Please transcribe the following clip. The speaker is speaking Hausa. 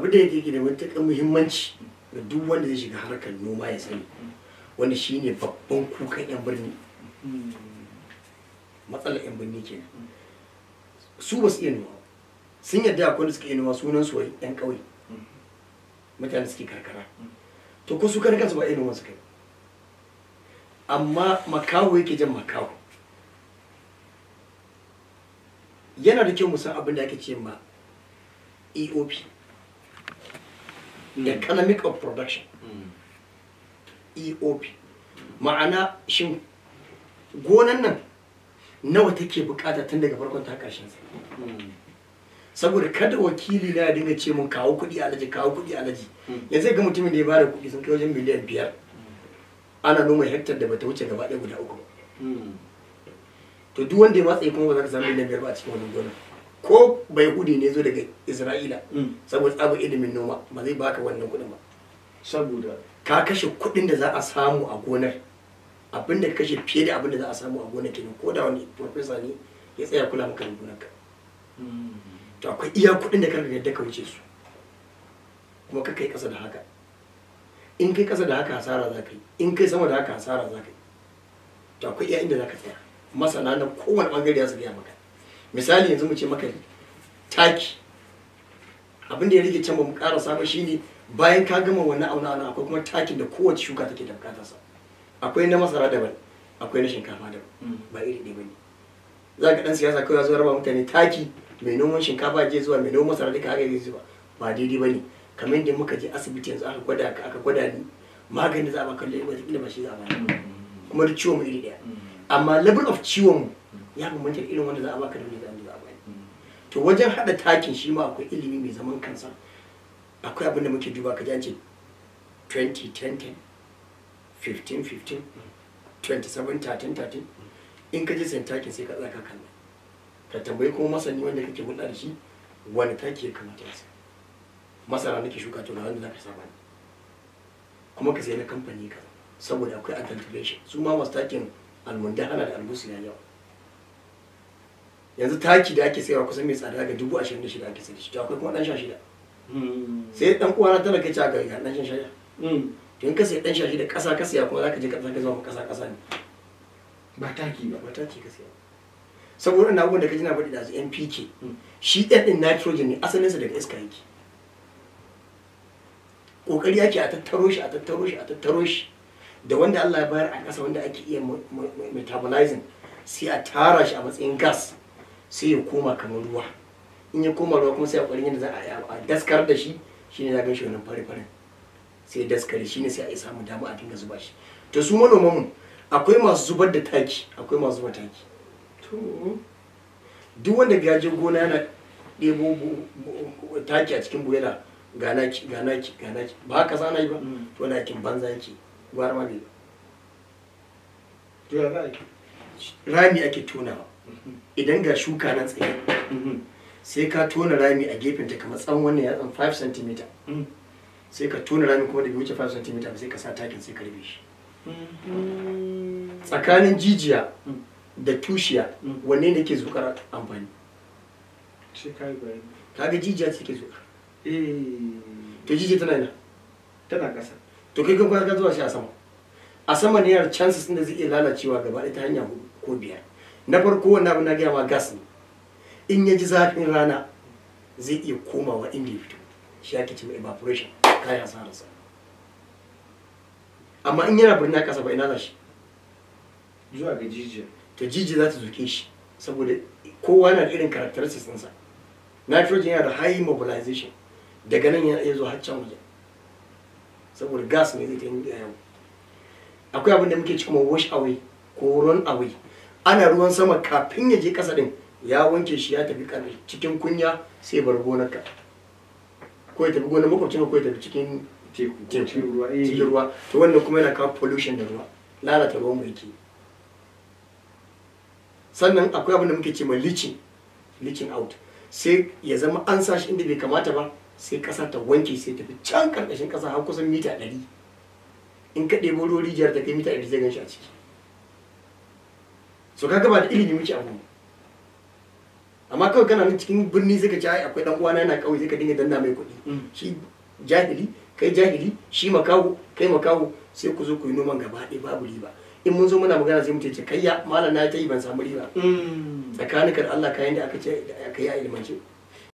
abu da yake da matuƙar muhimmanci ga duk wanda zai shiga harkar noma ya sani wanda shine babban kukan yan birni matsalar yan birni kenan su ba su iya noma sun yarda akwai wanda suka iya noma sunan su yan ƙauye mutane suke karkara to ko su karkar su ba iya noma su kai amma makaho yake jan makaho yana da kyau mu san abin da ake ce ma EOP Mm. economic of production mm. eop ma'ana shin gonan nan nawa take bukata tun daga farkon ta karshen mm. saboda kada wakili na ya dinga ce mun kawo kuɗi alaji kawo kuɗi alaji yanzu ga mutumin da ya bada kuɗi sun kai wajen miliyan biyar ana noma hektar da bata wuce gaba ɗaya guda uku to duk wanda ya matsa kuma ba za ka samu miliyan biyar ba a cikin wani gonar ko bai hudi ne zo daga isra'ila mm. saboda tsabar ilimin noma ba zai baka wannan kudin ba saboda ka kashe kuɗin da za a samu a gonar abinda ka kashe fiye da abinda za a samu a gonar kenan ko da wani profesa ne ya tsaya kula maka da gonarka mm. to akwai iya kuɗin da ka yadda ka wuce su kuma ka kai ƙasa da haka in kai ƙasa da haka hasara za ka yi in kai sama da haka hasara za ka yi to akwai iya inda za ka tsaya masana na kowane bangare za su gaya maka misali yanzu mu ce maka taki abin da ya rike can ba mu ƙara samu shine bayan ka gama wannan auna auna akwai kuma takin da kowace shuka take da bukata sa akwai na masara daban akwai na shinkafa daban mm. ba iri ɗaya bane za ka ɗan siyasa kawai zuwa raba mutane taki mai noman shinkafa je zuwa mai noman masara duka haka zai zuwa ba daidai bane kamar yadda muka je asibiti yanzu aka gwada ka aka gwada ni maganin za a ba lalle wata ba shi za a ba mm. kuma duk ciwon mu iri ɗaya mm. amma level of ciwon mu ya bambanta irin wanda za a baka da wanda za a bani to wajen hada takin shi ma akwai ilimi mai zaman kansa akwai abin da muke duba ka ji an ce 20 10 15 15 27 13 13 in ka je sai takin sai ka tsaka kalla ka tambayi kuma masani wanda kake hulɗa da shi wani taki ya kamata ya masara nake shuka to na wanda zaka saba ne kuma ka sai na kamfani ka saboda akwai adulteration su ma masu takin almundahana da albusu ya yawa yanzu taki da ake sayarwa kusan mai tsada ga dubu ashirin da shida ake sayar shi to akwai kuma dan sha shida hmm. sai dan uwana tana kai a ga dan sha shida hmm. to in ka sai dan sha shida kasa kasa ya kuma zaka je kasa ka zama kasa kasa ne ba taki ba ba taki ka saya saboda ina abubuwan da ka ji na faɗi da su NPK hmm. shi ɗan ɗin nitrogen ne asalinsa daga iska yake kokari yake a tattaro shi a tattaro shi a tattaro shi da wanda Allah ya bayar a ƙasa wanda ake iya metabolizing sai a tara shi a matsayin gas sai ya koma kamar ruwa in ya koma ruwa kuma sai a kwarin yadda za a daskar da shi shine za ga shi wannan fari farin sai daskare shine sai a samun dama a dinga zuba shi to su manoman mu akwai masu zubar da taki akwai masu zuba taki to duk wanda ya je gona yana ɗebo taki a cikin boyela ganaki ganaki ganaki ba haka sana yi ba mm. to na kin banza yake gwara ma bai rami ake tonawa idan ga shuka nan tsaye mhm. sai ka tona rami a gefen ta kamar tsawon wannan yatsan 5 cm mhm. sai ka tona rami kuma da bai wuce 5 cm sai ka sa takin sai ka rufe shi mhm. tsakanin jijiya mm. da tushiya mm. wanne ne ke zukar amfani kaga jijiya ce ke zukar eh. to jijiya tana ina tana kasa to kai ga ka zuwa shi a sama a sama ne yar chances da zai iya lalacewa gaba ɗaya ta hanya ko biyar na farko wannan abin na gaya ma gas ne in ya ji zafin rana zai iya komawa in ya fito shi ake cewa evaporation kayan sa. amma in yana birni a ƙasa ba ina za shi zuwa ga jijiya to jijiya za ta zuke shi saboda kowa na da irin characteristics ɗinsa nitrogen yana da high mobilization daga nan yana iya har can waje saboda gas ne zai ta yi akwai abin da muke cikin wash away ko run away ana ruwan sama kafin ya je ƙasa din ya wanke shi ya tafi cikin kunya sai bar gonarka ko ya tafi gonar makwabcin ko ya tafi cikin eh. cikin ruwa to wannan kuma yana kawo pollution da ruwa lalata ruwan mai ke sannan akwai abin da muke ce ma leaching leaching out sai ya zama an sa shi inda bai kamata ba sai ƙasa ta wanke sai tafi can karkashin ƙasa har kusan mita ɗari in ka ɗebo ruwan rijiyar ta kai mita ɗari zai gan shi a ciki so kaga ba da ilimi muke abu amma kawai kana nan cikin birni sai ka ci akwai dan uwana yana kauye sai ka dinga danna mai kuɗi mm. shi jahili kai jahili shi makaho kai makaho sai ku zo ku yi noman gaba ɗaya babu riba in mun zo muna magana sai mu ce kayya malam na ta yi ban samu riba mm. tsakanin Allah kayan da aka ce aka yi a